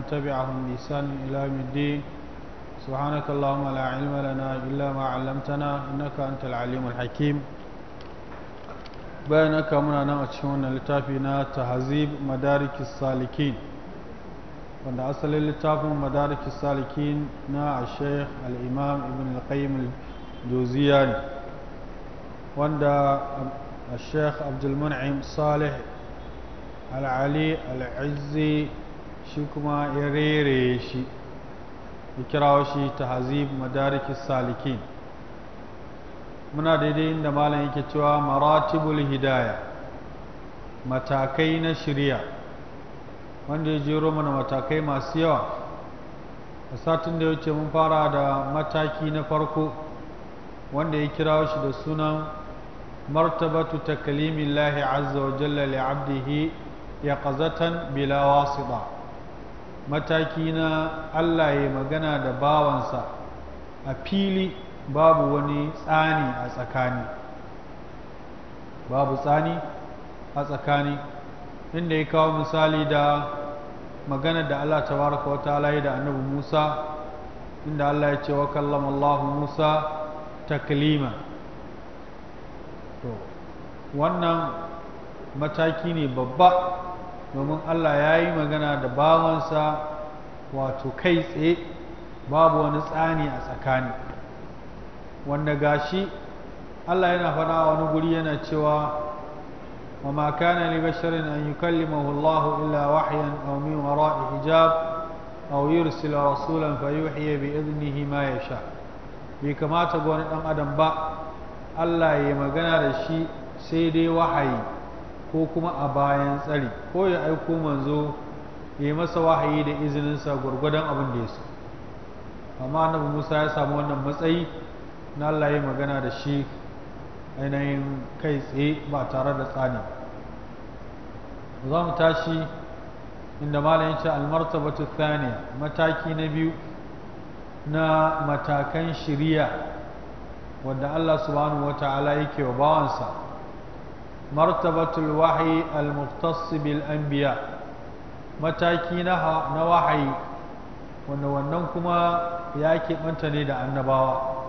ومن تبعهم بإحسان إلى يوم الدين سبحانك اللهم لا علم لنا إلا ما علمتنا إنك أنت العليم الحكيم بينك منا نأتشون لتافينا تهذيب مدارك السالكين wanda asalin littafin madarikin salikin na sheikh al'imam ibn al-qayyim al-joziya ne wanda sheikh abdulmun'im salih al'ali al'izzi shi kuma ya rere shi ya kirawo shi ta hazib madariki salikin muna daidai inda malam yake cewa maratibul hidaya matakai na shirya wanda ya jero mana matakai masu yawa a satin da ya wuce mun fara da mataki na farko wanda ya kirawo shi da sunan martabatu lahi azza wa jalla li abdihi yaqazatan bila wasita mataki na Allah ya magana da bawansa a fili babu wani tsani a tsakani babu tsani a tsakani inda ya kawo misali da magana da Allah tabaraka baraka wata ya da annabi Musa inda Allah ya ce wa kallamallahu Allah Musa taklima to wannan mataki ne babba domin Allah ya yi magana da bawansa wato kai tsaye babu wani tsani a tsakani wanda gashi Allah yana faɗa wani guri yana cewa wa ma kana li basharin an yukallimahu Allah illa wahyan aw min wara'i hijab aw yursila rasulan fayuhiya bi idnihi ma yasha bai kamata ga wani dan adam ba Allah ya magana da shi sai dai wahayi ko kuma a bayan tsari ko ya aiko manzo ya masa wahayi da izininsa gwargwadon abin da ya so amma annabi musa ya samu wannan matsayi na allah magana da shi ainihin kai tsaye ba tare da tsani za mu tashi inda malayin ya ce almartabatu thaniya mataki na biyu na matakan shirya wanda allah subhanahu wa ta'ala yake wa bawansa martabatul wahyi al-muftass bil anbiya mataki na wahayi wannan kuma ya keɓanta ne da annabawa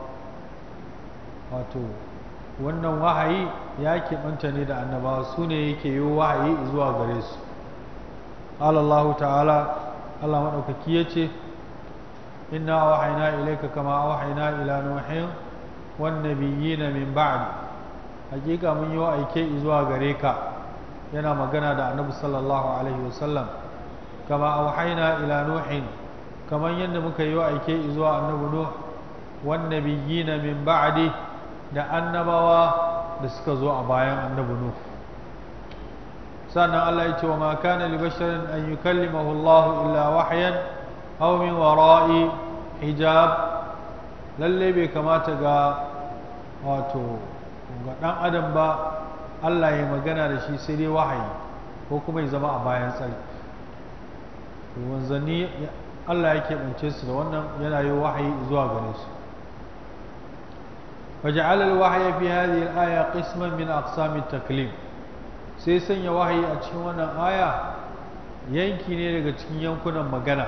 wato wannan wahayi ya keɓanta ne da annabawa su ne yake yi wahayi zuwa gare su Allah ta'ala Allah maɗaukaki ya ce inna wahaina ilaika kama wahaina ila nuhin wan nabiyina min ba'di hakika mun yi aike zuwa gare ka yana magana da annabi sallallahu alaihi wasallam kama auhaina ila nuhin kamar yadda muka yi aike zuwa annabi nuh wan nabiyina min ba'di da annabawa da suka zo a bayan annabi nuh sannan Allah ya ce wa ma kana li basharin an yukallimahu Allah illa wahyan aw min wara'i hijab lalle bai kamata ga wato ba dan adam ba Allah ya magana da shi sai dai wahayi ko kuma ya zama a bayan tsari wanzanni Allah yake bance su da wannan yana yi wahayi zuwa gare su فجعل الوحي في هذه الآية قسما من أقسام التكليم سيسن وحي أتشون آية ينكي نيرك ينكونا مغانا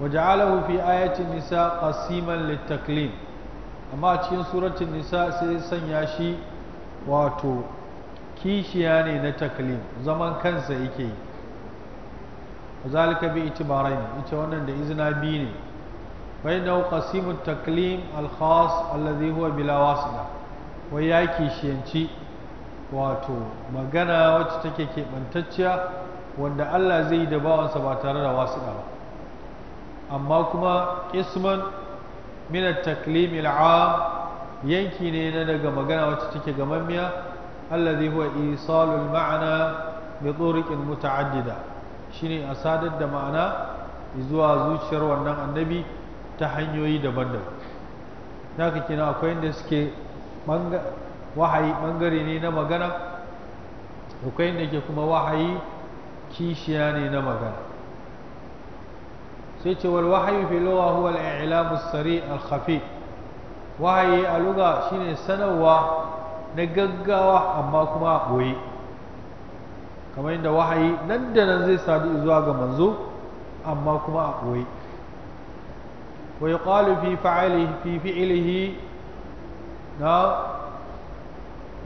وجعله في آية النساء قسيما للتكليم amma cikin suratun nisa sai sanya shi wato kishiya ne na taklim zaman kansa yake yi zalika bi itibarai ita wannan da izina biyu ne bai da qasimu taklim al-khas alladhi huwa bila wasila wai ya kishiyanci wato magana wacce take keɓantacciya wanda Allah zai yi da bawansa ba tare da wasila ba amma kuma isman min at-taklim yanki ne na daga magana wacce take gamammiya allazi huwa isalul ma'ana bi turuqin muta'addida shine a sadar da ma'ana zuwa zuciyar wannan annabi ta hanyoyi daban-daban haka kina akwai inda suke wahayi bangare ne na magana akwai inda ke kuma wahayi kishiya ne na magana sai ce wal wahayu fi lugha huwa al i'lam as-sari al-khafi wahayi a lugha shine sanarwa na gaggawa amma kuma a boye kamar yadda wahayi nan da nan zai sadu zuwa ga manzo amma kuma a boye wa yuqalu fi fa'alihi fi fi'lihi na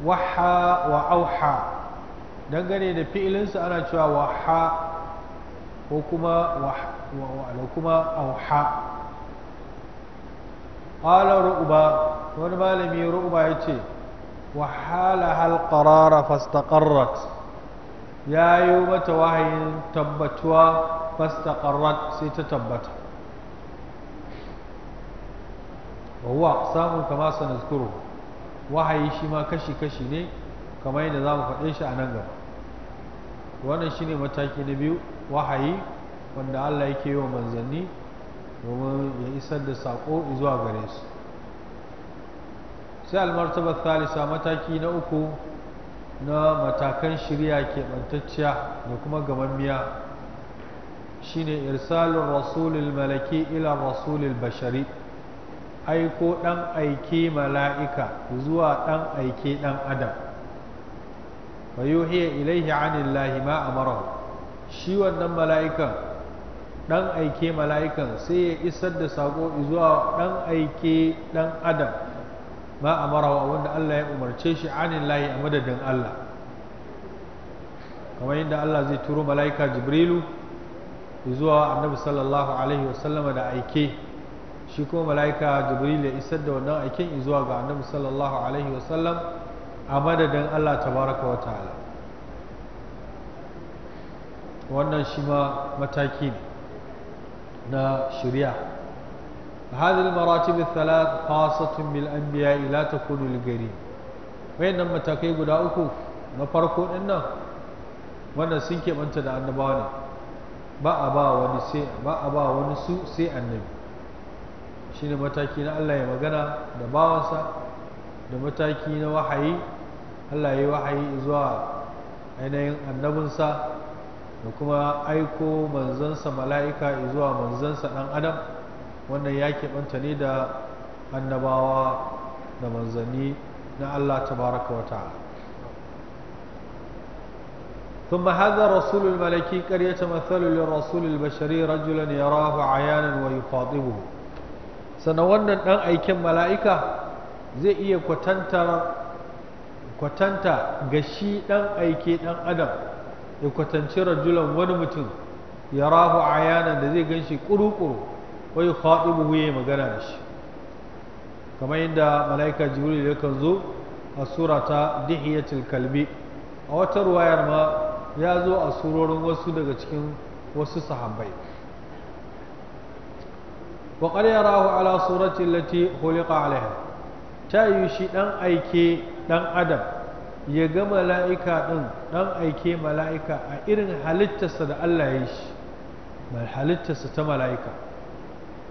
waha wa auha dangane da fi'ilinsa ana cewa waha ko kuma waha wa alau kuma auha qala ru'ba wani malami ru'ba yace wa hala yayi mata wahayin tabbatuwa fastaqarrat sai ta tabbata wa samun aqsamu kama sanaskuru wahayi shi ma kashi kashi ne kamar yadda zamu faɗe shi a nan gaba wannan shine mataki na biyu wahayi wanda Allah yake yi wa manzanni domin ya isar da saƙo zuwa gare su sai almartaba thalisa mataki na uku na matakan shirya keɓantacciya da kuma gamammiya shine irsalin rasulul malaki ila rasulul bashari aiko ɗan aike mala'ika zuwa ɗan aike ɗan adam fa yuhiya ilaihi anillahi ma amarahu shi wannan mala'ikan Ɗan aike mala'ikan sai ya isar da sako zuwa dan aike dan adam ma amarawa wanda Allah ya umarce shi anin layi a madadin Allah kamar yadda Allah zai turo mala'ika jibrilu zuwa annabi sallallahu alaihi wasallam da aike shi kuma mala'ika Jibrilu ya isar da wannan aiken zuwa ga annabi sallallahu alaihi wasallam a madadin Allah tabaraka wa ta'ala wannan shi ma mataki na shari'a هذه المراتب الثلاث خاصة بالأنبياء لا تكون للغيرين وين متاكي غدا uku na farko din nan wannan sun keɓanta da annabawa ne ba a ba wani sai ba a ba wani su sai annabi shine mataki na Allah ya magana da bawansa da mataki Allah ya yi zuwa annabinsa da kuma aiko manzansa mala'ika zuwa manzansa ɗan adam wannan ya keɓanta ne da annabawa da manzanni na Allah ta baraka wata ثم هذا رسول الملكي قد يتمثل للرسول البشري رجلا يراه عيانا ويخاطبه سنوانا أن أيكم ملائكة زي إيه كتنتر kwatanta gashi shi ɗan aike ɗan adam ya kwatanci rajulan wani mutum ya rahu yanar da zai gan shi kuru-kuru wai khatibuhu ya magana da shi kamar yadda mala'ika jibril ya kan zo a sura ta dihiyatul kalbi a wata ruwayar ma ya zo a surorin wasu daga cikin wasu sahabbai wa qad yarahu ala surati allati khuliqa alaiha ta yi shi dan aike dan adam ya ga mala'ika ɗin ɗan aike mala'ika a irin halittarsa da Allah ya yi shi halittarsa ta mala'ika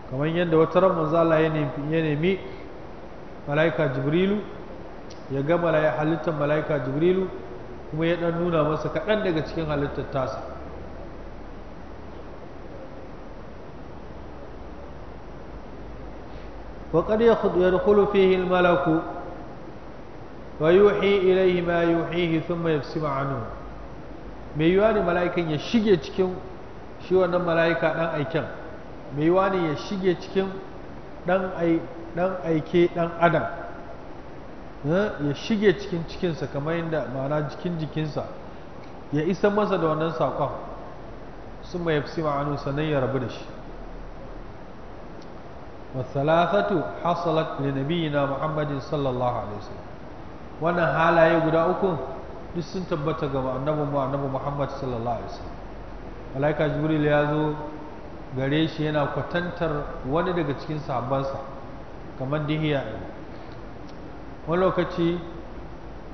kamar yadda wata ran zala ya nemi mala'ika jibrilu ya ga halittar mala'ika jibrilu kuma ya ɗan nuna masa kaɗan daga cikin halittar tasa وقد ya فيه malaku ويوحي إليه ما يوحيه ثم يفسم عنه mai yiwa ne mala'ikan ya shige cikin shi wannan mala'ika ɗan aiken mai yiwa ne ya shige cikin ɗan aike ɗan adam ya shige cikin cikinsa kamar yadda ma'ana jikin jikinsa ya isa masa da wannan saƙon sun mai fi ma'anu sannan ya rabu da shi wasu thalathatu hasalat li na muhammadin sallallahu alaihi wasallam wannan halaye guda uku duk sun tabbata ga annabi mu annabi Muhammad sallallahu alaihi wasallam malaika jibril ya zo gare shi yana kwatantar wani daga cikin sahabbansa kamar dihiya wani lokaci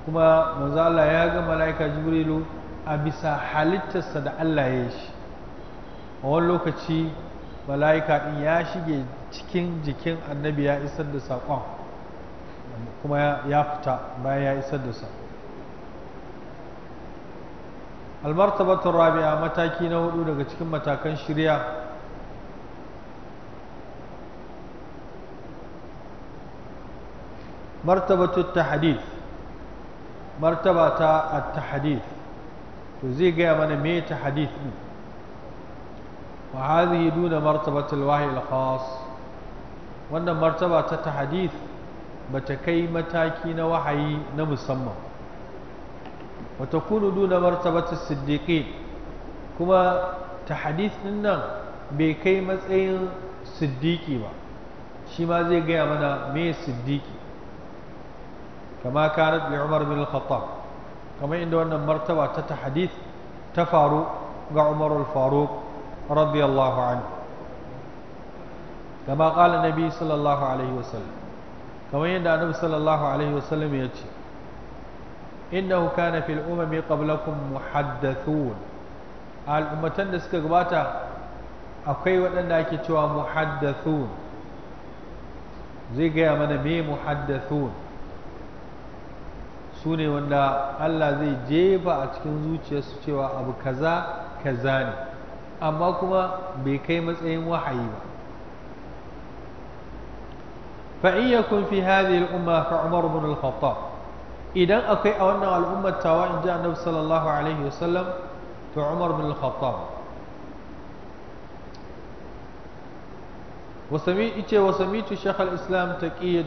kuma manzo Allah ya ga malaika jibrilu a bisa halittarsa da Allah ya shi a wani lokaci mala'ika ɗin ya shige cikin jikin annabi ya isar da saƙon kuma ya fita bayan ya isar da sa almartabatun rabi'a mataki na hudu daga cikin matakan shirya martabatun tahadif martaba ta tahadif to zai gaya mana me tahadif ne wa hadhihi duna martabatul wahyi al-khas wannan martaba ta tahadif bata kai mataki na wahayi na musamman wata kunu duna martabatar siddiƙi kuma ta hadith ɗin nan bai kai matsayin siddiƙi ba shi ma zai gaya mana me siddiƙi kama kanat bi umar bin al-khattab kamar inda wannan martaba ta ta hadith ta faru ga umar al-faruq radiyallahu anhu kama qala nabi sallallahu alaihi wasallam kamar yadda annabi sallallahu alaihi wasallam ya ce innahu kana fil umami qablakum muhaddathun al'ummatan da suka gabata akwai waɗanda ake cewa muhaddathun zai gaya mana me muhaddathun su ne wanda Allah zai jefa a cikin zuciyarsu cewa abu kaza kaza ne amma kuma bai kai matsayin wahayi ba fa in yakun fi hadhihi al-umma fa Umar ibn al-Khattab idan akwai a wannan al'ummar tawa in ji Annabi sallallahu alaihi wasallam to Umar ibn al-Khattab وسمي إيشي وسميت شيخ الإسلام تقي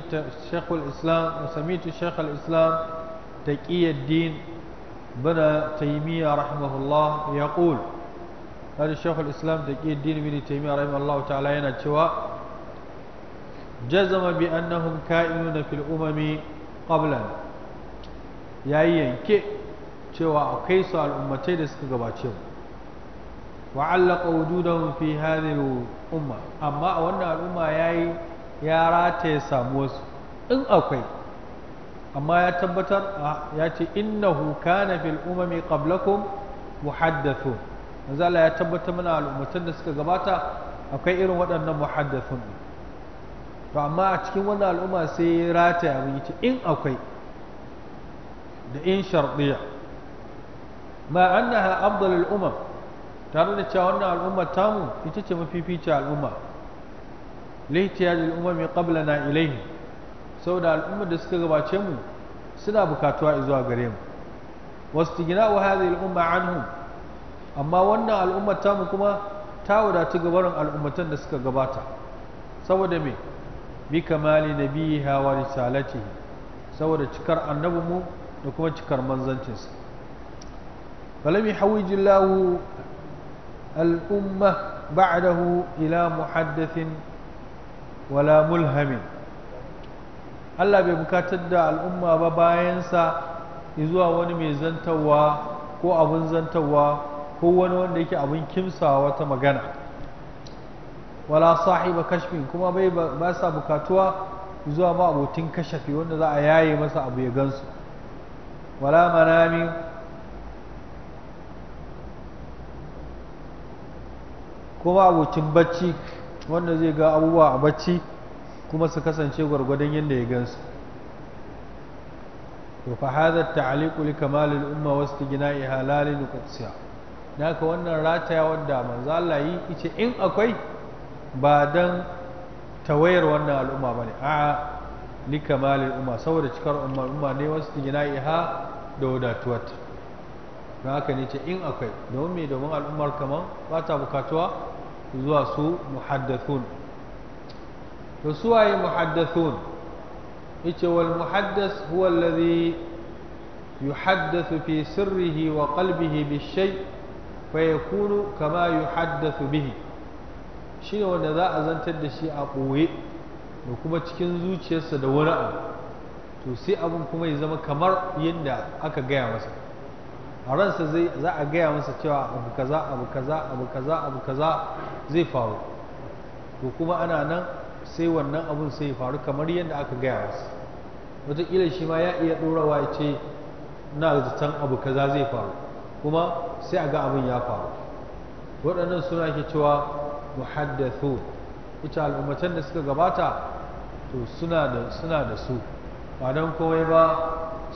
شيخ الإسلام وسميت شيخ الإسلام تقي الدين بن تيمية رحمه الله يقول هذا شيخ الإسلام تقي الدين بن تيمية رحمه الله تعالى ينتشوى jazama bi annahum ka'inuna fil umami qablan yayi yanke cewa akwai su al'ummatai da suka gabace mu wa allaka wujudahum fi umma amma a wannan al'umma yayi ya rataye samuwar su in akwai amma ya tabbatar ya ce innahu kana fil umami qablakum muhaddathun manzo ya tabbatar mana al'ummatan da suka gabata akwai irin waɗannan muhaddathun to amma a cikin wannan al'umma sai rataya mun ce in akwai da in shardiya ma annaha afdal al'umma tare da cewa wannan al'umma tamu ita ce mafifici al'umma lihtiyaj na qablana ilayhi saboda al'umma da suka gabace mu suna bukatuwa zuwa gare mu wastighna'u hadhihi al'umma anhum amma wannan al'umma tamu kuma ta wadatu gabarin al'ummatan da suka gabata saboda me bi kamali nabiha wa risalatihi saboda cikar mu da kuma cikar manzancinsa falam yahawij Allah al umma ba'dahu ila muhaddathin wala mulhamin Allah bai bukatar da al'umma ba bayan sa zuwa wani mai zantawa ko abin zantawa ko wani wanda yake abin kimsa ta magana wala sahiba kashfin kuma bai ba sa bukatuwa zuwa ma abotin kashafi wanda za a yaye masa abu ya gansu wala manami kuma abotin bacci wanda zai ga abubuwa a bacci kuma su kasance gwargwadon yadda ya gansu to fa hadha ta'liqu li kamal al umma wa istigna'iha halal li qudsiya naka wannan rataya wanda manzo Allah yi ice in akwai ba don tawayar wannan al'umma ba ne a ni kamalin umma saboda cikar umma umma ne wasu tingina iha da wadatuwata don haka ne ce in akwai domin mai domin al'ummar kamar ba ta bukatuwa zuwa su muhaddathun to suwaye muhaddathun yace wal muhaddas huwa alladhi yuhaddathu fi sirrihi wa qalbihi bi shay fa yakunu kama yuhaddathu bihi shi ne wanda za a zantar da shi a ɓoye da kuma cikin zuciyarsa da wani abu to sai abin kuma ya zama kamar yadda aka gaya masa a ransa zai za a gaya masa cewa abu kaza abu kaza abu kaza abu kaza zai faru to kuma ana nan sai wannan abun sai faru kamar yadda aka gaya masa wataƙila shi ma ya iya ɗorawa ya ce na zaton abu kaza zai faru kuma sai a ga abin ya faru waɗannan suna ke cewa muhaddathu ita al'ummatan da suka gabata to suna da suna da su ba dan komai ba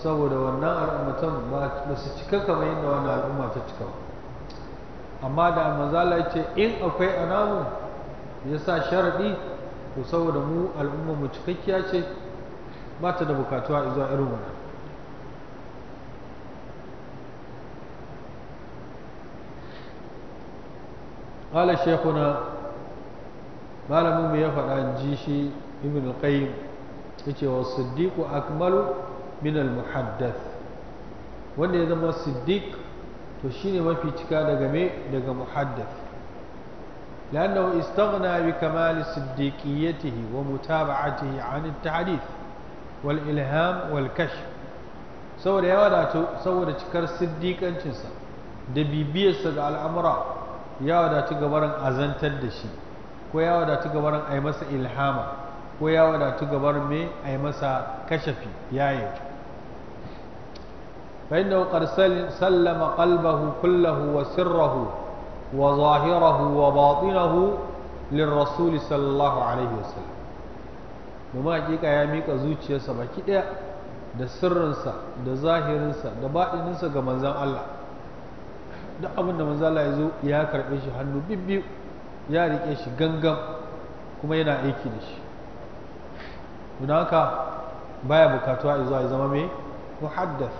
saboda wannan al'ummatan ba su cika kamar yadda wannan al'umma ta cika amma da manzala yace in akwai anamu ya sa sharaɗi to saboda mu al'umma mu cikakkiya ce ba ta da bukatuwa zuwa irin wannan qala shaykhuna malamin mu ya faɗa jishi shi ibn al-qayyim yace wa siddiqu akmalu al-muhaddath wanda ya zama siddiq to shine mafi cika daga me daga muhaddath لأنه استغنى بكمال صديقيته ومتابعته عن التحديث والإلهام والكشف saboda ya wadatu saboda cikar siddiƙancinsa da bibiyarsa ga al'amura ya wadatu gabarin azantar da shi ko ya wadatu gabarin a yi masa ilhama ko ya wadatu gabarin mai a yi masa kashafi yayin فإنه قد سلم wa كله wa وظاهره وباطنه للرسول rasuli الله عليه وسلم domin hakika ya miƙa zuciyarsa baki ɗaya da sirrinsa da zahirinsa da baɗininsa ga manzan Allah duk abin da manzo ya zo ya karɓe shi hannu bibbiyu ya rike shi gangan kuma yana aiki da shi don haka baya bukatuwa ya zo ya zama mai muhaddath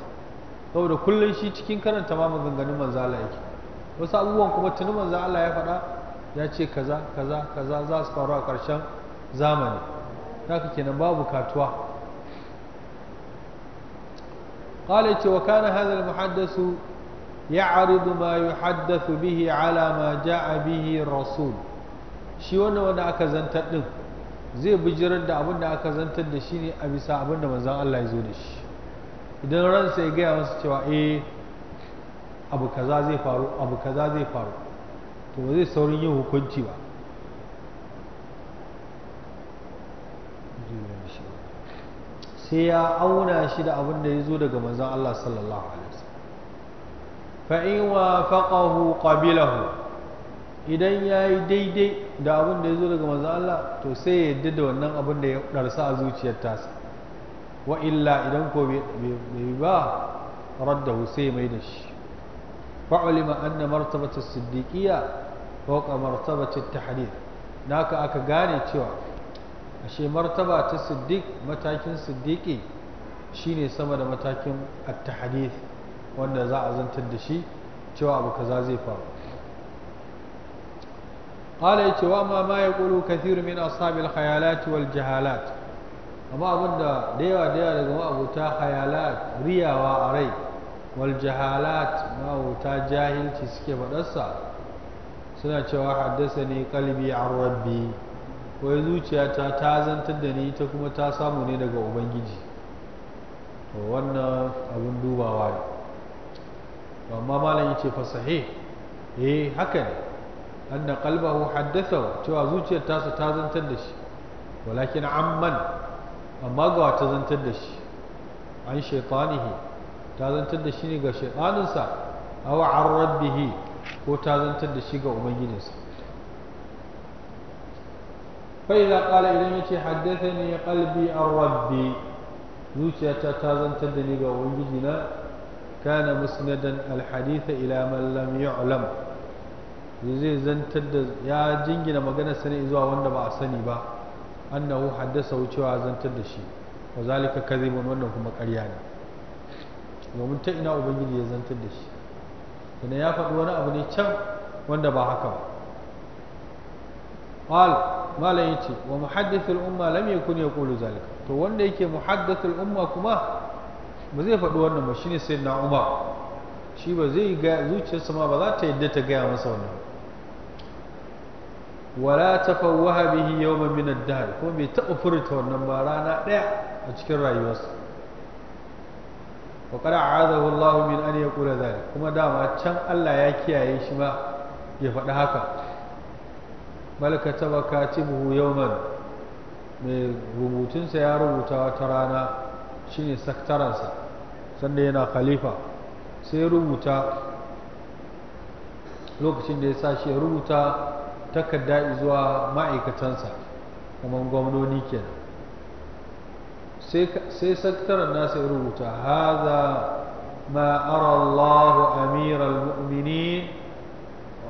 saboda kullum shi cikin karanta ma maganganun manzo Allah yake wasu abubuwan kuma tuni manzo ya faɗa ya ce kaza kaza kaza za su faru a ƙarshen zamani haka kenan babu bukatuwa قال يتي وكان هذا المحدث يعرض ما يحدث به على ما جاء به الرسول shi wannan wanda aka zantar din zai bijirar da abin da aka zantar da shi ne a bisa abin da manzon Allah ya zo da shi idan ransa ya gaya masa cewa eh abu kaza zai faru abu kaza zai faru to ba zai saurin yin hukunci ba sai ya auna shi da abin da ya zo daga manzon Allah sallallahu alaihi fa'in wafaqahu qabilahu idan ya yi daidai da abin da ya zo daga manzo Allah to sai ya yadda da wannan abin da ya ɗarsa a zuciyar tasa wa illa idan ko bai ba radda sai mai da shi fa'ulima anna martabata ko ka martabata tahdid naka aka gane cewa ashe martaba ta siddiq matakin siddiqi shine sama da matakin at-tahdith wanda za a zantar da shi cewa abu kaza zai faru qala yace wa ma ma yaqulu kathir min asabil khayalat wal jahalat amma abinda da yawa da daga ma'abuta khayalat riyawa a rai wal jahalat ma'abuta jahilci suke faɗarsa suna cewa haddasa ne kalbi an rabbi wai zuciyata ta zantar da ni ta kuma ta samu ne daga ubangiji wannan abin dubawa ne amma amma malam yace fa sahih eh haka ne anna qalbahu haddathahu cewa zuciyar tasa ta zantar da shi walakin amman amma ga ta zantar da shi an shaytanihi ta zantar da shi ne ga shaytaninsa aw an rabbihi ko ta zantar da shi ga ubangijinsa فإذا idan إلي حدثني قلبي عن rabbi zuciyata ta zantar da ni ga ubangiji na كان مسندا الحديث إلى من لم يعلم zai zantar da ya jingina magana sani zuwa wanda ba a sani ba annahu haddasa wucewa zantar da shi wa zalika kadhibun wannan kuma karya ne domin ta ina ubangiji ya zantar da shi sannan ya faɗi wani abu ne can wanda ba haka ba qal malam yace wa muhaddithul umma lam yakun yaqulu zalika to wanda yake muhaddithul umma kuma ba zai faɗi wannan ba shine sai na umar shi ba zai ga zuciyarsa ma ba za ta yadda ta gaya masa wannan wala tafawwaha bihi yawman min ad-dahr ko bai taɓa furta wannan ba rana ɗaya a cikin rayuwarsa wa qad a'adahu Allah min an yaqula dhalik kuma dama can Allah ya kiyaye shi ma ya faɗi haka malaka tabakatibuhu yawman mai rubutunsa ya rubuta wata rana shine saktaransa Sannan yana khalifa sai rubuta lokacin da ya sa shi rubuta takarda zuwa ma'aikatansa kamar gwamnoni kenan sai sakataren nasa ya rubuta haza ma ara Allah amir al-mu'mini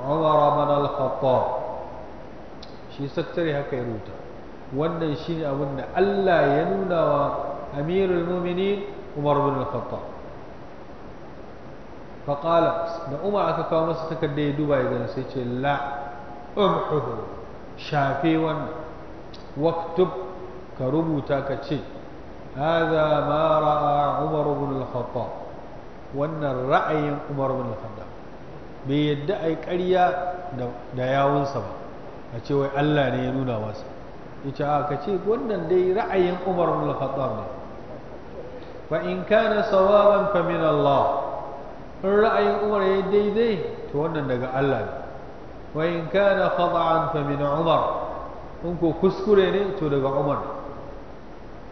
Umar al-Khattab shi sakatare haka ya rubuta wannan shine abin da Allah ya nuna wa amirul mumini عمر بن الخطاب فقال da umar aka kawo masa takardar ya duba ya gani sai ce la umhuhu shafe wannan waktub ka rubuta ka ce hadha ma ra'a umar ibn al wannan ra'ayin umar ibn al-khattab bai yadda ai ƙarya da yawunsa ba a ce wai Allah ne ya nuna masa yace a ka ce wannan dai ra'ayin umar ibn al ne fa'in kana sawaban famin Allah in ra'ayin umar ya daidai to wannan daga Allah ne wa'in kana khada'an famin umar in ko kuskure ne to daga umar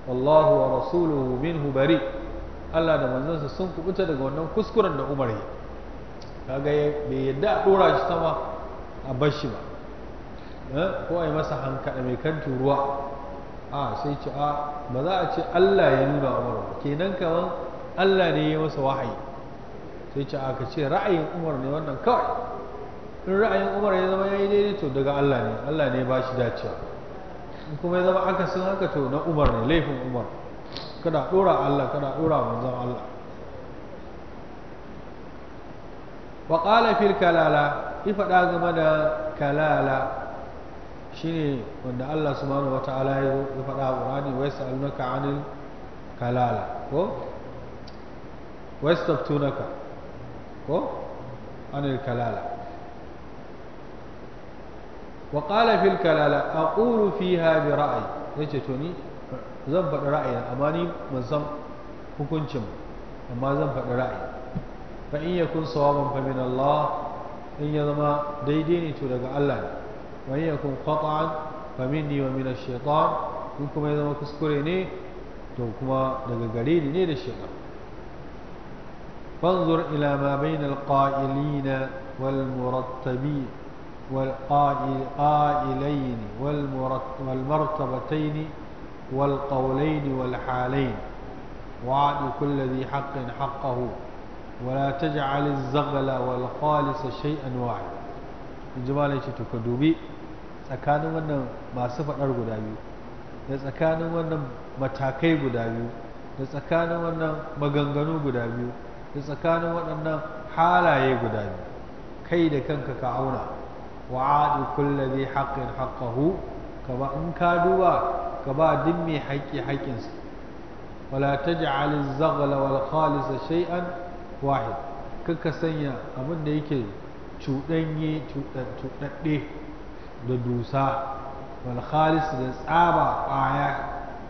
wallahu wa rasuluhu minhu bari Allah da manzansa sun kubuta daga wannan kuskuren da umar yi kaga bai yadda a dora shi sama a bashi ba ko a yi masa hankali mai kan turuwa a sai ce a ba za a ce Allah ya nuna Umar ba kenan kaman Allah ne ya masa wahayi sai ce a ka ce ra'ayin Umar ne wannan kawai in ra'ayin Umar ya zama yayi daidai to daga Allah ne Allah ne ba shi dacewa in kuma ya zama aka sun haka to na Umar ne laifin Umar kada dora Allah kada dora manzon Allah wa qala fil kalala ifada game da kalala shine wanda Allah subhanahu wata'ala ya faɗa a Qur'ani wa yas'alunaka 'anil kalala ko wa yastaftunaka ko anil kalala wa qala fil kalala aqulu fiha bi ra'yi yace to ni zan faɗi ra'ayina amma ni ban san hukuncin amma zan faɗi ra'ayi fa in yakun sawaban fa min Allah in ya zama daidai ne to daga Allah ne وإن يكن قطعا فمني ومن الشيطان منكم إذا ما تذكريني توكما دقالين ني للشيطان فانظر إلى ما بين القائلين والمرتبين والقائلين والمرتبتين والقولين والحالين وعد كل ذي حق حقه ولا تجعل الزغل والخالص شيئا واحدا جمالي به tsakanin wannan masu faɗar guda biyu da tsakanin wannan matakai guda biyu da tsakanin wannan maganganu guda biyu da tsakanin waɗannan halaye guda biyu kai da kanka ka auna wa adi kullabi haƙƙin haqqahu ka ba in ka duba ka ba duk mai haƙƙi haƙƙinsa wala ta ji az zagala wal khalisa shay'an wahid kaka sanya abin da yake cuɗanye cuɗaɗɗe da dusa wal da tsaba baya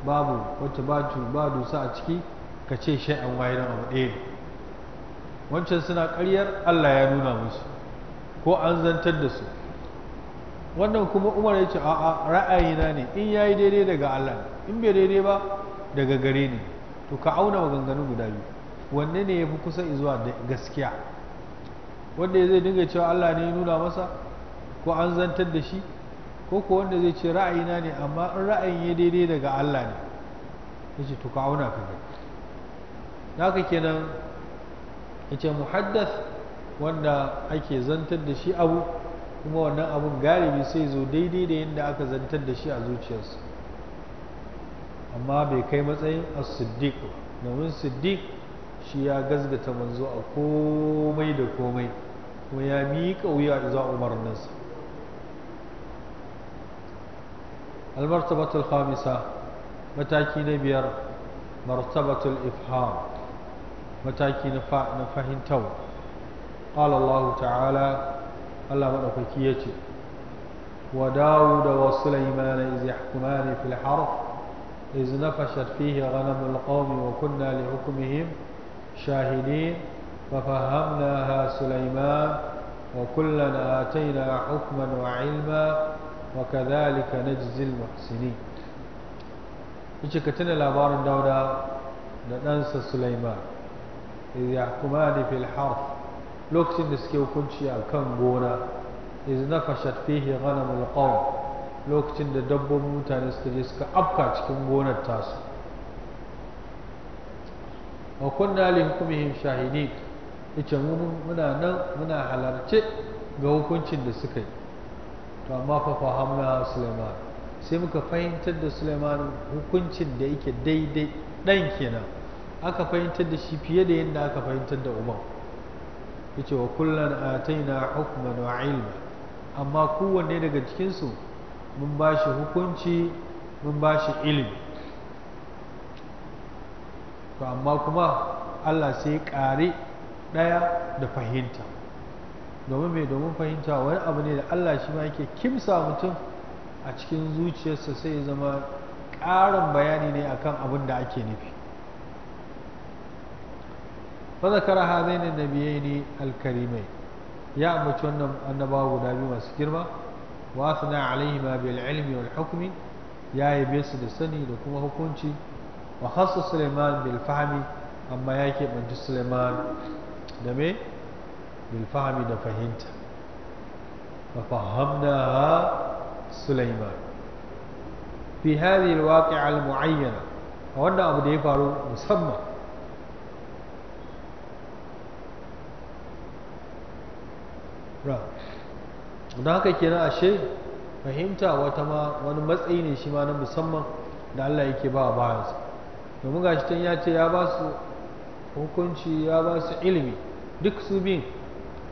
babu wacce ba ba dusa a ciki ka ce waye na abu ɗaya wancan suna ƙaryar Allah ya nuna musu ko an zantar da su wannan kuma umar ya ce a'a ra'ayina ne in ya yi daidai daga Allah in bai daidai ba daga gare ne. to ka auna maganganun guda biyu wanne ne ya fi kusa zuwa gaskiya wanda zai dinga cewa Allah ne ya nuna masa ko an zantar da shi ko ko wanda zai ce ra'ayina ne amma in ra'ayin ya daidai daga Allah ne ya ce to auna ka gani haka kenan ya ce muhaddas wanda ake zantar da shi abu kuma wannan abun galibi sai zo daidai da yadda aka zantar da shi a zuciyarsu amma bai kai matsayin as-siddiq domin siddiq shi ya gazgata manzo a komai da komai kuma ya miƙa wuya zuwa umarninsa المرتبة الخامسة متاكين بير مرتبة الإفهام متاكين فهن تو قال الله تعالى الله مدفكية وداود وسليمان إذ يحكمان في الحرف إذ نفشت فيه غنم القوم وكنا لحكمهم شاهدين ففهمناها سليمان وكلنا آتينا حكما وعلما وكذلك نجزي المحسنين yace ka tuna labarin dauda da ɗansa Sulaiman iz yahkumani fil harth lokacin da suke hukunci a kan gona iz nafashat fihi ghanamul qawm lokacin da dabbobin mutane suka je suka afka cikin gonar tasu wa kunna li hukmihim shahidin yace mu muna nan muna halarce ga hukuncin da suka yi to amma fa fahimna Sulaiman sai muka fahimtar da Sulaiman hukuncin da yake daidai dan kenan aka fahimtar da shi fiye da yadda aka fahimtar da uban yace wa kullan ataina hukman wa ilma amma kowanne daga cikin su mun bashi hukunci mun bashi ilimi to amma kuma Allah sai kare daya da fahimta domin mai domin fahimta wani abu ne da Allah shi ma yake kimsa mutum a cikin zuciyarsa sai ya zama ƙarin bayani ne akan abin da ake nufi fazakara hazai ne na biye ne alkarimai ya ambaci wannan annabawa guda biyu masu girma wa su na alayhi ma biyar ilmi wal hukumi ya su da sani da kuma hukunci wa hasu suleiman bil fahmi amma ya keɓanci suleiman da mai. bilfahami da fahimta fa fahamna sulaiman fi hadhihi alwaqi'a ayyana, a wannan abu da ya faru musamman don haka kenan ashe fahimta wata ma wani matsayi ne shi ma na musamman da Allah yake ba wa bayansa domin gashi can ya ce ya ba su hukunci ya ba su ilimi duk su bin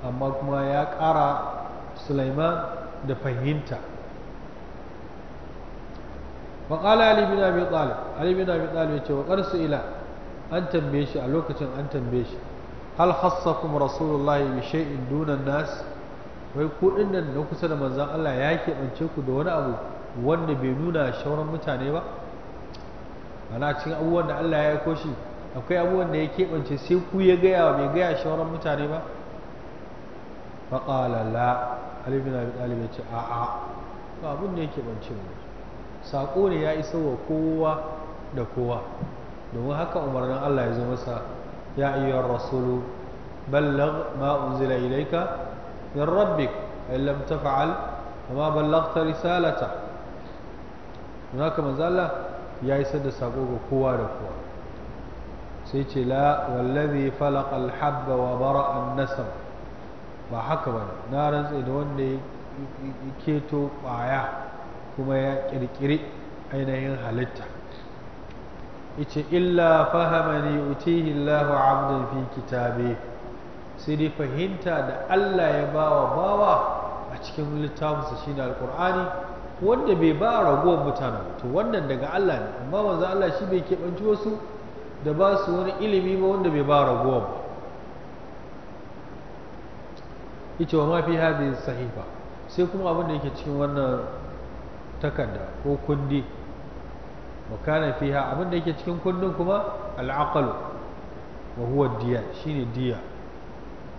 amma kuma ya ƙara Sulaiman da fahimta وقال علي بن ابي طالب علي بن ابي طالب yace wa ila an tambaye shi a lokacin an tambaye shi hal kuma rasulullahi bi shay'in dunan nas wai ku nan na kusa da manzon Allah ya keɓance ku da wani abu wanda bai nuna shauran mutane ba ana cikin abubuwan da Allah ya aiko shi akwai abubuwan da ya keɓance sai ku ya gaya wa bai gaya shauran mutane ba faƙala la Ali bin ce a'a ba abin da yake bance mu saƙo ne ya isa wa kowa da kowa domin haka umarnin Allah ya zama sa ya iya rasulu ballag ma unzila ilayka min rabbik in lam taf'al ma ballaghta risalata don haka manzo Allah ya isa da saƙo ga kowa da kowa sai ce la wallazi falaqa al-habba wa bara'a an-nasab ba haka ba na rantsa da wanda ya keto ƙwaya kuma ya ƙirƙiri ainihin halitta ice illa ne utihi Allahu abdan fi kitabe sai dai fahimta da Allah ya bawa bawa a cikin littafinsa shine alqur'ani wanda bai ba ragowar mutane to wannan daga Allah ne amma wanzu Allah shi bai keɓanci wasu da ba su wani ilimi ba wanda bai ba ragowar ba yace wa ma fi sahifa sai kuma abin da yake cikin wannan takarda ko kundi kana fiha abin da yake cikin kundin kuma al'aqal wa huwa diya shine diya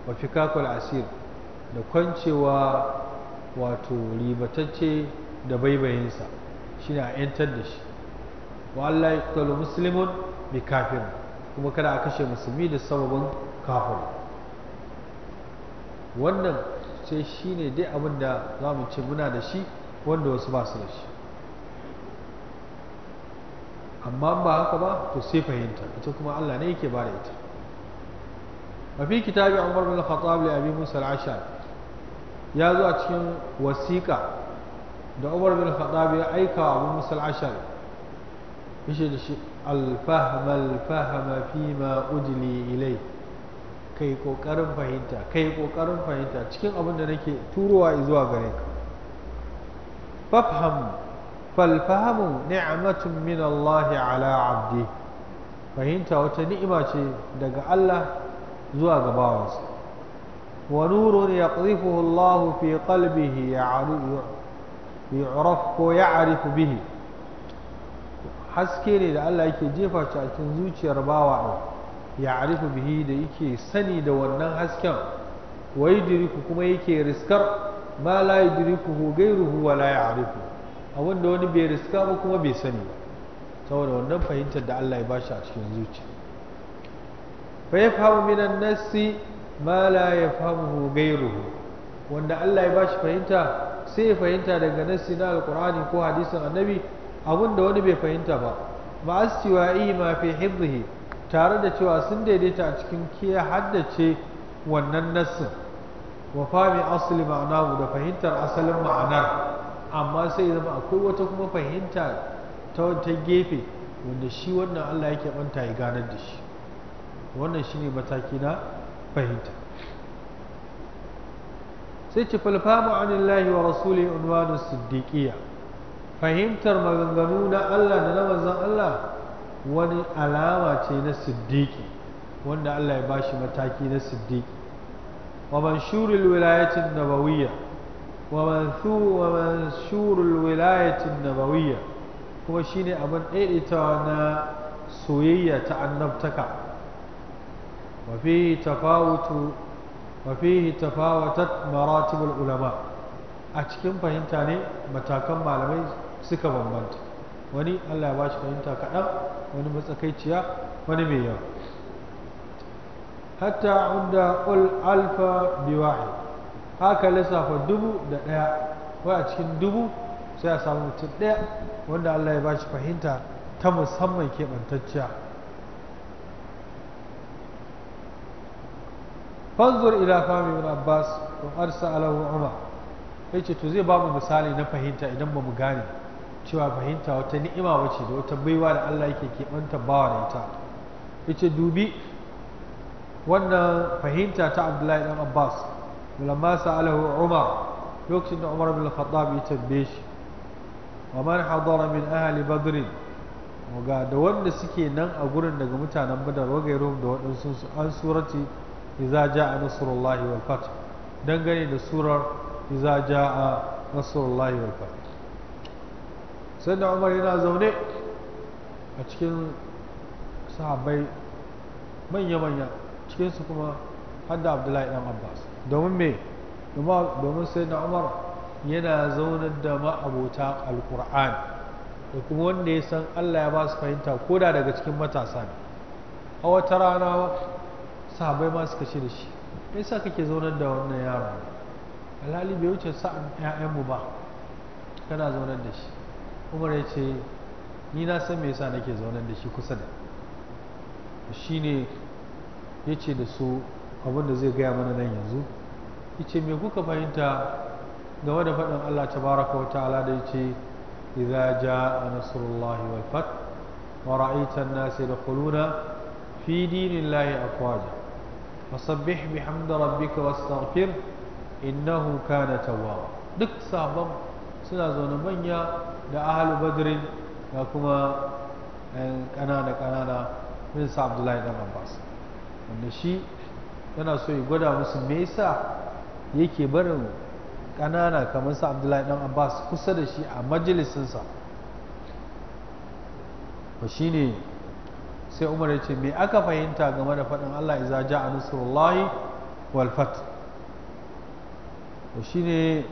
wa fikakul asir da kwancewa wato ribatacce da baibayinsa shine a yantar da shi wa Allah ya muslimun bi kafir kuma kada a kashe musulmi da sababin kafir wannan sai shi ne dai abin da za mu ce muna da shi wanda wasu ba su da shi amma ba haka ba to sai fahimta ita kuma Allah ne yake ba ita a fi kitabi Umar bin Khattab li Abi Musa al Ashar ya zo a cikin wasiƙa da Umar bin Khattab ya aika wa Abu Musa Ashar ashari da shi al fi ma ujili ilai kai ƙoƙarin fahimta kai kokarin fahimta cikin abin da nake turowa zuwa gare ka fafham falfahamu ni'matun min Allah ala abdi fahimta wata ni'ima ce daga Allah zuwa ga bawansa wa nurun yaqdhifuhu Allah fi qalbihi ya'rif ko ya'rif bihi haske ne da Allah yake jefa cikin zuciyar bawa ya arifu bihi da yake sani da wannan hasken wai diriku kuma yake riskar ma la yudrikuhu ghayruhu wa la ya'rifu abin da wani bai riska ba kuma bai sani saboda wannan fahimtar da Allah ya bashi a cikin zuciya fa yafhamu minan nasi ma la yafhamuhu ghayruhu wanda Allah ya bashi fahimta sai ya fahimta daga nasi na alqur'ani ko hadisin annabi abin da wani bai fahimta ba ma'a istiwa'i ma fi hifdhihi tare da cewa sun daidaita a cikin ke haddace wannan nassin wa fami asali ma'anahu da fahimtar asalin ma'anar amma sai zama akwai wata kuma fahimta ta wata gefe wanda shi wannan Allah yake manta ya ganar da shi wannan shine mataki na fahimta sai ce falfamu lahi wa rasuli unwanu siddiqiya fahimtar maganganu na Allah da na manzon Allah wani alama ce na siddiƙi wanda Allah ya bashi mataki na siddiƙi wa manshurul wilayatin nabawiyya wa manthu wa manshurul wilayatin nabawiyya kuma shine abin daidaitawa na soyayya ta annabtaka wa fihi tafawutu wa fihi tafawatat maratibul ulama a cikin fahimta ne matakan malamai suka bambanta wani Allah ya ba shi fahimta kaɗan wani matsakaiciya wani mai yawa hatta inda ul alfa bi haka lissafa dubu da ɗaya wai a cikin dubu sai a samu mutum ɗaya wanda Allah ya ba shi fahimta ta musamman keɓantacciya fanzur ila fami ibn abbas wa arsa alahu umar yace to zai ba mu misali na fahimta idan ba mu gane cewa fahimta wata ni'ima wace da wata baiwa da Allah yake keɓanta bawa da ita yace dubi wannan fahimta ta Abdullahi dan Abbas lamma sa'alahu Umar lokacin da Umar bin Khattab ya tambaye shi wa man hadara min ahali badr ga da wanda suke nan a gurin daga mutanen badar wa da waɗansu an surati idza jaa nasrullahi wal fath dangane da surar idza a nasrullahi wal fath sai da umar yana zaune a cikin sahabbai manya-manya cikinsu kuma hadda abdullahi dan abbas domin me domin sai da umar yana zaunar da ma'abuta alkur'an da kuma wanda ya san allah ya ba su fahimta da daga cikin matasa ne a wata rana sahabai ma suka ce da shi ya sa kake zaunar da wannan yaro alhali bai wuce sa'an 'ya'yanmu ba kana zaunar da shi umar ya ce ni na san me yasa nake zaune da shi kusa da shi ne ya ce da su abin da zai gaya mana nan yanzu ya ce me kuka fahimta game da faɗin Allah ta baraka wa ta'ala da ya ce idza ja'a nasrullahi wal fath wa ra'aita an-nasa yadkhuluna fi dinillahi afwaja fasabbih bihamdi rabbika wastaghfir innahu kana tawwaba duk sabon suna zaune manya da ahalu badri da kuma kanana kanana min sa abdullahi dan abbas wanda shi yana so ya gwada musu me yasa yake barin kanana kamar sa abdullahi dan abbas kusa da shi a majalisinsa ba shi ne sai umar ya ce me aka fahimta game da faɗin allah iza ja'a nasrullahi wal fath to shine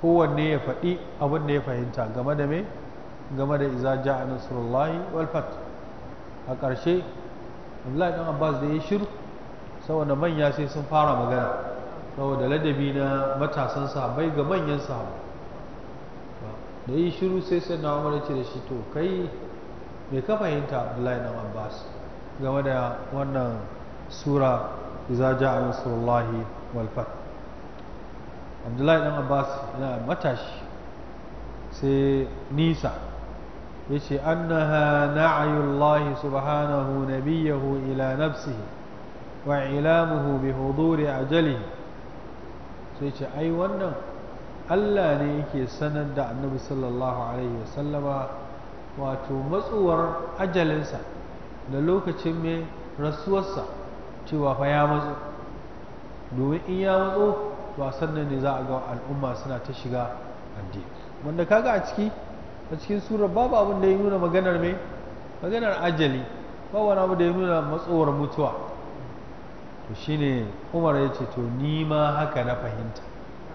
kowanne ya faɗi abin da ya fahimta game da me game da iza ja a nasarallahi walfat a ƙarshe Abdullahi ɗan Abbas da ya shiru saboda manya sai sun fara magana saboda ladabi na matasan sahabbai ga manyan sahabu da yi shiru sai sai na wani ce da shi to kai me ka fahimta Abdullahi ɗan Abbas game da wannan sura iza ja a nasarallahi walfat abdullahi dan abbas yana matashi sai nisa ya ce annaha na'ayullahi subhanahu nabiyahu ila nafsihi wa ilamuhu bi huduri ajalihi sai ce ai wannan Allah ne yake sanar da annabi sallallahu alaihi wasallama wato matsuwar ajalinsa da lokacin mai rasuwarsa cewa fa ya matsu domin in ya matso to a sannan ne za a ga al'umma suna ta shiga addini wanda kaga a ciki a cikin surar babu abin da ya nuna maganar mai maganar ajali ba wani abu da ya nuna matsowar mutuwa to shine umar ya ce to ni ma haka na fahimta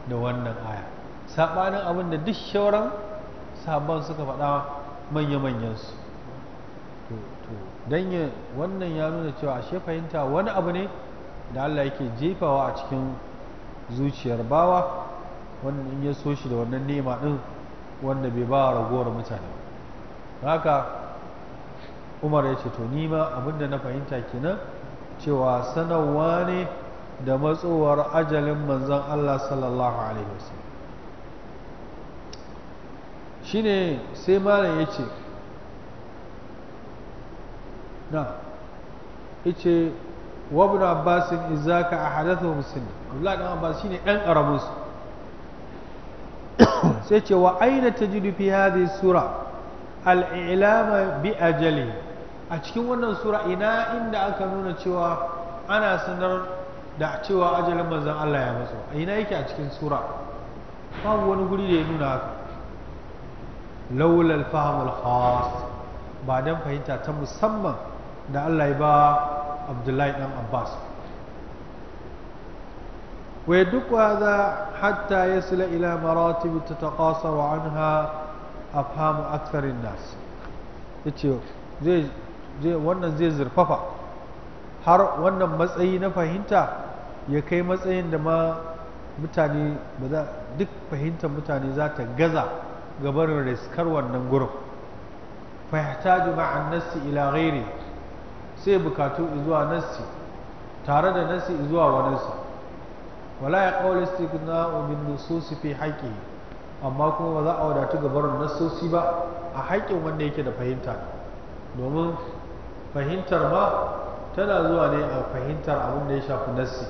da wannan aya saɓanin abin da duk shawaran sabon suka faɗa manya-manyansu don yi wannan ya nuna cewa ashe fahimta wani abu ne da Allah yake jefawa a cikin zuciyar bawa wanda in ya so shi da wannan nema din wanda bai ba ragowar mutane haka umar ya ce to nima ma abinda na fahimta kenan cewa sanarwa ne da matsowar ajalin manzon Allah sallallahu alaihi shine sai malam ya ce na ya ce wabin abbasin izaka a hadathu musulmi abdullahi dan abbas shine dan karamin su sai ce wa aina tajidu fi hadhihi sura al-i'lama bi ajali a cikin wannan sura ina inda aka nuna cewa ana sanar da cewa ajalin manzon Allah ya matso ina yake a cikin sura babu wani guri da ya nuna haka laulal fahimul khas ba don fahimta ta musamman da Allah ya ba Abdullahi dan Abbas za ويدق هذا حتى ta إلى مراتب تتقاصر عنها أفهام أكثر الناس yace Ya ce, wannan zai zurfafa har wannan matsayi na fahimta ya kai matsayin da ma mutane ba za duk fahimtar mutane za ta gaza gabarin riskar wannan gurin fahtaju ma'an nassi ila gairi, sai bukatu zuwa nassi tare da nassi zuwa wani nassi wala ya na istighna'u min nusus fi haƙi amma kuma ba za a wadatu gabar barin nasosi ba a haƙƙin wanda yake da fahimta domin fahimtar ma tana zuwa ne a fahimtar abin da ya shafi nassi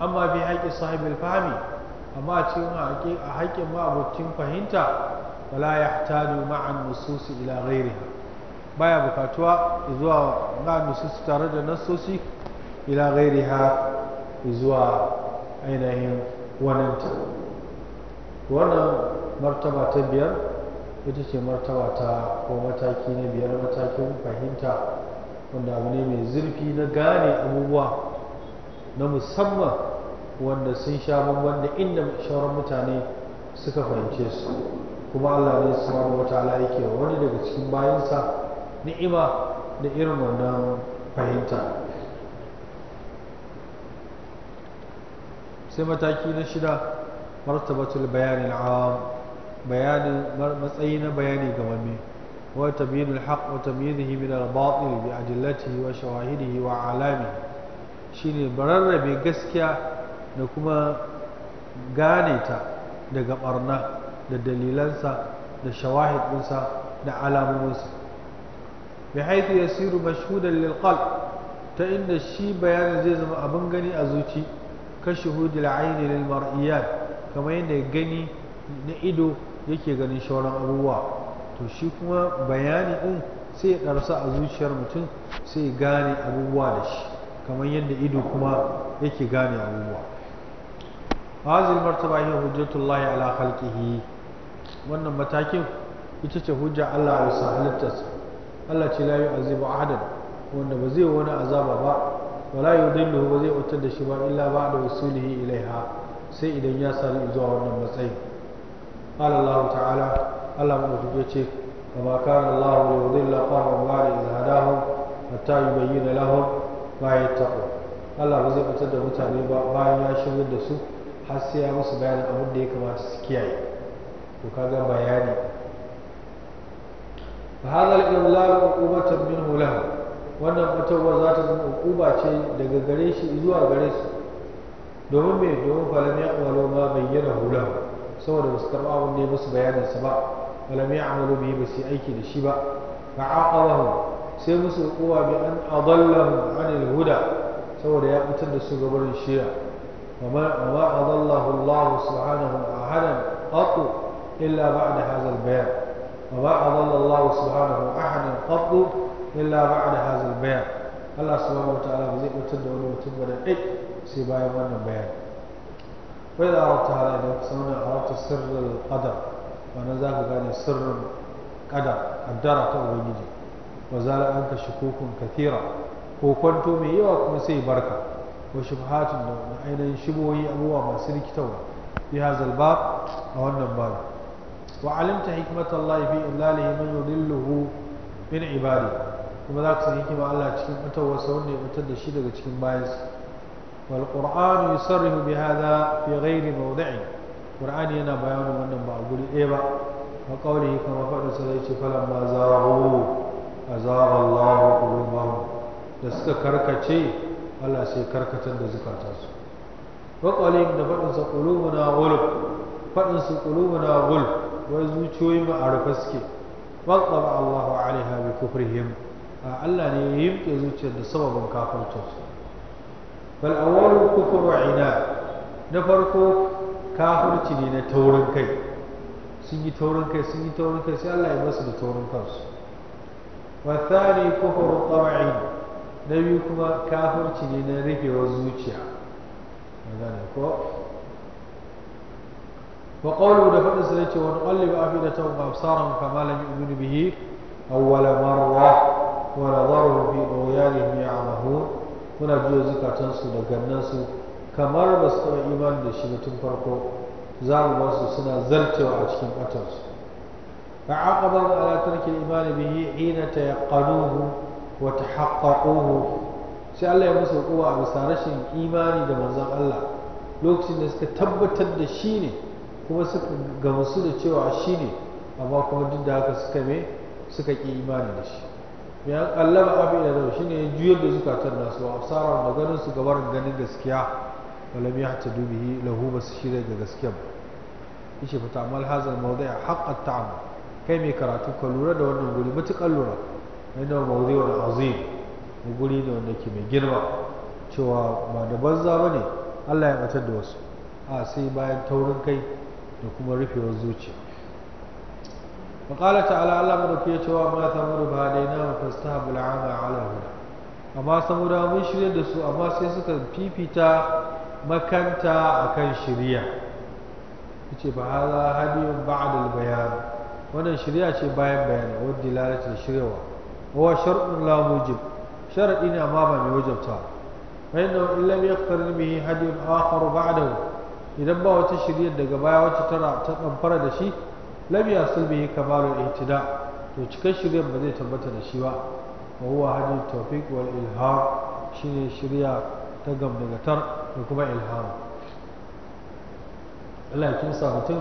amma fi haƙƙi sahibul fahmi amma a cikin a haƙƙin ma abokin fahimta wala ya yahtaju ma'an nusus ila ghayriha baya bukatuwa zuwa ga nusus tare da nasosi ila gairiha zuwa ainihin waninta wannan martaba ta biyar ita ce martaba ta ko mataki na biyar matakin fahimta wanda abu ne mai zurfi na gane abubuwa na musamman wanda sun sha bambam da inda shawarar mutane suka fahimce su kuma Allah ne subhanahu wata yake wani daga cikin bayansa ni'ima da irin wannan fahimta sai mataki na shida martabatul bayanin am bayanin matsayi na bayani ga wani wa tabyin alhaq wa tamyizihi min albatil bi adillatihi wa shawahidihi wa alamihi shine bararrabe gaskiya da kuma gane ta daga barna da dalilansa da shawahid ɗinsa da alamominsa bihaitu yasiru mashhudan lil qalb ta inda shi bayanin zai zama abin gani a zuci ka shuhudil aini lil mar'iyat kamar yadda gani na ido yake ganin shauran abubuwa to shi kuma bayani din sai ya ɗarsa a zuciyar mutum sai ya gane abubuwa da shi kamar yadda ido kuma yake gane abubuwa hazil martaba hiya hujjatullahi ala khalqihi wannan matakin ita ce hujja Allah a bisa halittarsa Allah ce la yu'azibu ahadan wanda ba zai wani azaba ba wala yudillu ba zai utar da shi ba illa ba da ilai ilaiha sai idan ya sami zuwa wannan matsayi. qala ta'ala, ta'ala da mu ce kama kana Allah yudilla qawman ba'da idh hadahum hatta da lahum ma yattaqun Allah ba zai fitar da mutane ba bayan ya shigar da su har sai ya musu bayanin abin da ya kamata su kiyaye to kaga bayani fa hadha al-idlal wannan fitowar za ta zama hukuma ce daga gare shi zuwa gare su domin me domin falam ya amalo ma bayyana hula saboda basu karɓa abin da ya musu bayanin sa ba falam ya amalo bai ba su aiki da shi ba fa aqabahu sai musu hukuma bi an adallahu anil huda saboda ya fitar da su gabarin shira وما وما أضله الله سبحانه أحدا قط إلا بعد هذا البيان وما أضل subhanahu سبحانه أحدا قط illa da hazal bayan Allah subhanahu wataala ba zai mutar da wani mutum ba da ɗai sai bayan wannan bayani wai da Allah ta'ala idan ku sauna a sirrin qadar wannan za ka gane sirrin a addara ta ubangiji wa zala anka shukukun kathira ko kwanto mai yawa kuma sai barka wa shubhatun da ainihin shiboyi abubuwa masu rikitarwa fi hazal ba, a wannan babu wa alimta hikmatallahi fi illalihi man yudilluhu min ibadi kuma za ka san hikima Allah cikin fitowarsa wanda ya fitar da shi daga cikin ƙur'ani wal qur'anu yusarrihu bi hadha fi ghairi mawdi'i qur'ani yana bayanin wannan ba a guri ɗaya ba wa qawlihi kama faɗa sai ce falan ma zaghu azagha Allah qulubahum da suka karkace Allah sai karkatar da zukatansu wa qawlihi da faɗin sa qulubuna ghulub faɗin su qulubuna ghulub wai zuciyoyin mu a rufe suke وطبع الله عليها بكفرهم ألا آه، نيمك يزوجد سبب كافر تفسير فالأول كفر وعناد نفرك كافر تنين تورن كي سنجي تورن كي سنجي تورن كي سيالا يبسل تورن كرس والثاني كفر الطوعين نبيكما كافر تنين ريفي وزوجيا هذا نقول wa qawlu da fadin sa yace wa nuqallibu afidatahum wa absarahum kama lam yu'minu bihi awwal marra wa nadharuhum fi ghayalihim ya'mahun muna biyo zukatan su da gannan kamar ba su taɓa imani da shi tun farko za mu ba suna zartewa a cikin ɓatarsu فعاقبهم على ترك الإيمان به حين تيقنوه وتحققوه sai Allah ya musu kowa a bisa rashin imani da manzon Allah lokacin da suka tabbatar da shi ne kuma suka gamsu da cewa shi ne amma kuma duk da haka suka me suka ƙi imani da shi ya kallaba abin da shi ne juyar da zukatan nasu wa absara da ganin su gabar ganin gaskiya walam yahtadu bihi lahu su shirya ga gaskiya ba yace fa ta'mal hazal mawdi' haqq taam kai mai karatu ka lura da wannan guri matuƙar lura inda mawdi' wa azim guri ne wanda ke mai girma cewa ba da banza bane Allah ya batar da wasu a sai bayan taurin kai da kuma rufewar zuciya ta'ala تعالى الله مدوكي cewa ma samuru ba dai na fastahabul ama ala huda amma samura mun shirya da su amma sai suka fifita makanta akan shirya yace ba hadha hadiyun ba'd al bayan wannan shirya ce bayan bayani wadda dilalatul shiryawa wa shar'un la mujib sharadi ne amma ba mai wajabta fa inna illam yaqtarin bihi hadiyun akhar ba'dahu idan ba wata shiryar daga baya wacce tana ta ɗamfara da shi labiya yasul bihi kamalul ihtida to cikar shiryar ba zai tabbata da shi ba wa huwa hadi tawfiq wal ilham shine shirya ta gamdagatar da kuma ilham Allah ya kinsa mutum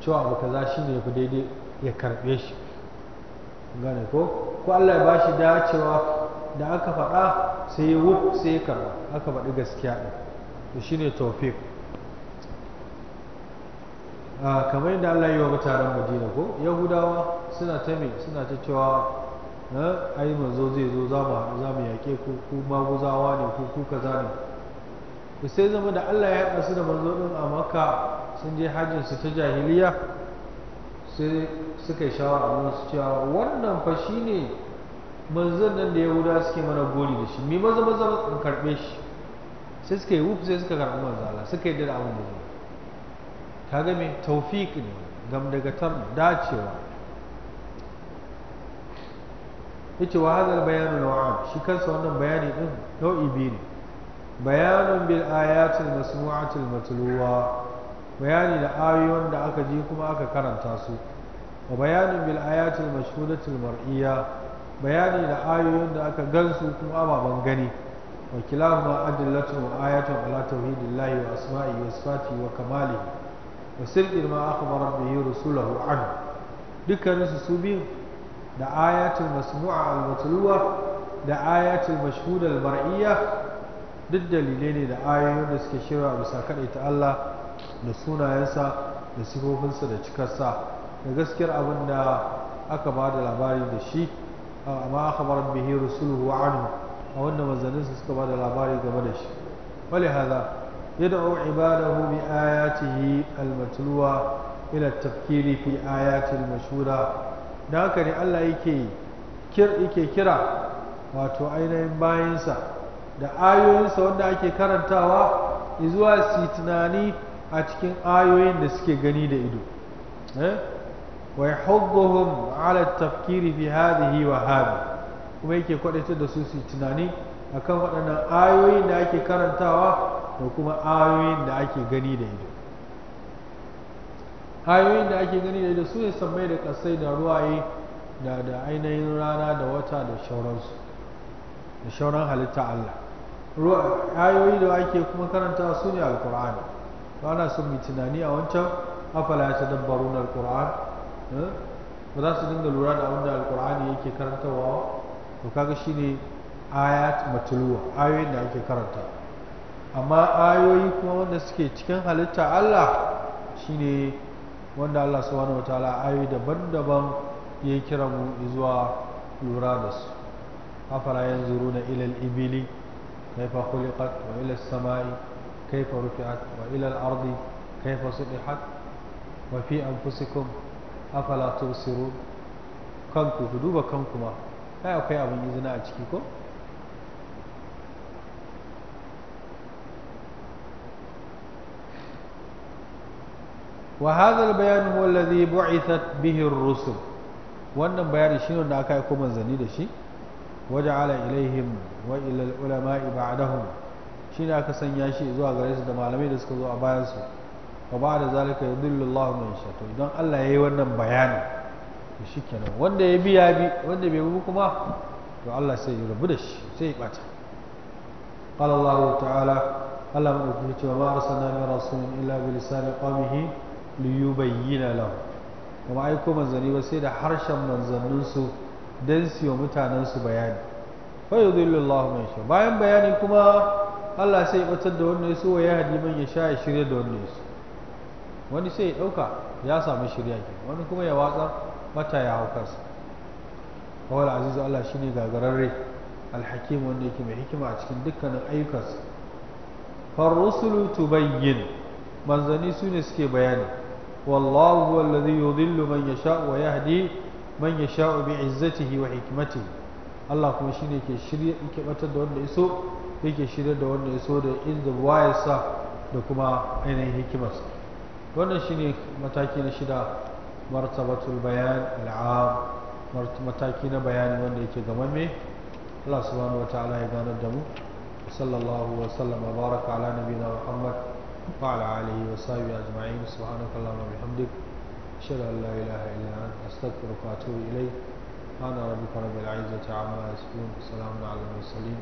cewa abu kaza shine ku daidai ya karbe shi gane ko ko Allah ya bashi dacewa da aka faɗa sai ya wuf sai ya karba aka faɗi gaskiya ɗin to shine tawfiq Ah, kamar yadda Allah yi wa mutanen Madina ko Yahudawa suna ta me suna ta cewa eh, ai manzo zai zo za mu za mu yaƙe ku ku maguzawa ne ku ku kaza ne ku sai zama da Allah ya haɗa su da manzo din a Makka sun je hajjin su ta jahiliya sai suka shawa a su cewa wannan fa shine manzon nan da Yahudawa suke mana gori da shi me maza maza in karbe shi sai suka yi wuf sai suka karɓi manzo Allah suka yi da abin da zai ga mai taufik ne gamdagatar dacewa yace wa hazar bayanin nau'an shi kansa wannan bayani din nau'i biyu ne bayanin bil ayatul masmu'atil matluwa bayani da ayoyin da aka ji kuma aka karanta su wa bayanin bil ayatul mashhudatil mar'iyya bayani da ayoyin da aka gansu kuma ababen gani wa kilahuma adillatu ayatun ala tauhidillahi wa asma'i wa sifati wa kamalihi wa sirqin ma akhbara bihi rasulahu anhu Dukkanin su biyu da ayatul masmu'a al-matluwa da ayatul mashhuda al-mar'iyya duk dalilai ne da ayoyin da suke shirya a bisa kadai ta Allah da sunayensa da sifofinsa da cikarsa da gaskiyar abin da aka ba da labari da shi amma aka bar bihi rusuluhu anhu a wanda manzanninsa suka ba da labari game da shi wale hada Yadda عباده بآياته المتلوة إلى التفكير في آيات المشهورة ذاك الله يكي كر يكي كرا wato ainihin bayansa da ayoyinsa wanda ake karantawa zuwa su tunani a cikin ayoyin da suke gani da ido wa yahudduhum ala tafkiri fi hadhihi kuma yake kwadatar da su su tunani akan waɗannan ayoyin da ake karantawa da kuma ayoyin da ake gani da ido ayoyin da ake gani da ido su ne sammai da kasai da ruwaye da da ainihin rana da wata da shauransu da shauran halitta Allah ayoyi da ake kuma karanta su ne alkur'ani ba na son mai tunani a wancan afala ta dabbaru na alkur'an eh? ba za su dinga lura da abin alkur'ani yake karantawa to kaga shine ayat matuluwa ayoyin da ake karanta. amma ayoyi kuma wanda suke cikin halitta Allah shine wanda Allah subhanahu wataala ayoyi daban-daban ya kira mu zuwa lura da su afala yanzuru na al-ibili kayfa khuliqat wa samai kaifa rufi'at wa ila ardi kaifa sudihat wa fi anfusikum afala tubsirun kanku ku duba kanku ma kai akwai abin izina a ciki ko وهذا البيان هو الذي بعثت به الرسل wannan bayani shine wanda aka aiko manzanni da shi waja'ala ilaihim wa ila ulama'i ba'dahum shine aka sanya shi zuwa gare su da malamai da suka zo a bayan su wa ba'da zalika yudillu Allah man yasha to idan Allah yayi wannan bayani to shikenan wanda ya bi ya bi wanda bai bi kuma to Allah sai ya rubu da shi sai ya bata qala Allah ta'ala Allah mu ce wa ma arsalna min rasulin illa bi lisani qawmihi liyubayyina lahu kuma aiko manzanni ba sai da harshen manzanninsu don su yi mutanensu bayani fa yudhillu man yasha bayan bayani kuma Allah sai ya batar da wanda yaso ya hadi man yasha ya shirya da wanda yaso wani sai ya dauka ya samu shirya ke wani kuma ya watsa mata ya hau kansa wal azizu Allah shine gagararre alhakim wanda yake mai hikima a cikin dukkanin ayyukansa farrusulu tubayyin manzanni su ne suke bayani والله هو الذي يضل من يشاء ويهدي من يشاء بعزته وحكمته الله كما شيني يكي شريع يكي متى دون إسو yake shirya da wanda ya so da inda wayarsa da kuma ainihin hikimarsa wannan shine mataki na shida martabatul al'am mataki na bayani wanda yake gamamme Allah subhanahu wa ta'ala ya ganar da mu sallallahu wa sallama baraka Muhammad وعلى آله وصحبه أجمعين سبحانك اللهم وبحمدك أشهد أن لا إله إلا أنت أستغفرك وأتوب إليك سبحان ربك رب العزة عما يصفون وسلام على المرسلين